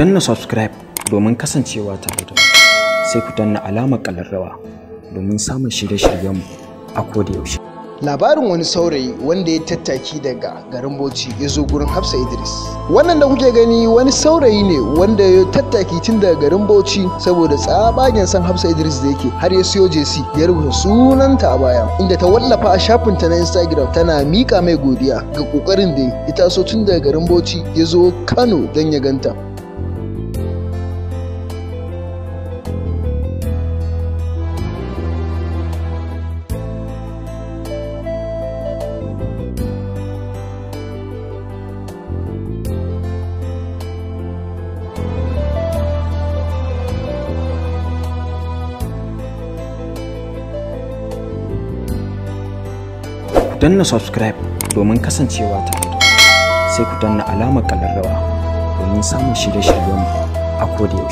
danna subscribe domin kasancewa tare da sai ku danna alamar kallarrawa domin samun shirye-shiryenmu a yaushe. labarin wani saurayi wanda ya tattaki daga garin bauchi ya zo gurin hafsa idris wannan da kuke gani wani saurayi ne wanda ya tattaki tun daga garin bauchi saboda tsabagen san hafsa idris da yake har ya siyo jc ya rubuta sunanta a baya inda ta wallafa a shafin ta na instagram tana mika mai godiya ga kokarin da ya taso tun daga garin bauchi ya zo kano don ya ganta danna subscribe domin kasancewa ta da sai ku danna alamar ƙararrawa domin samun shirye-shiryenmu a koda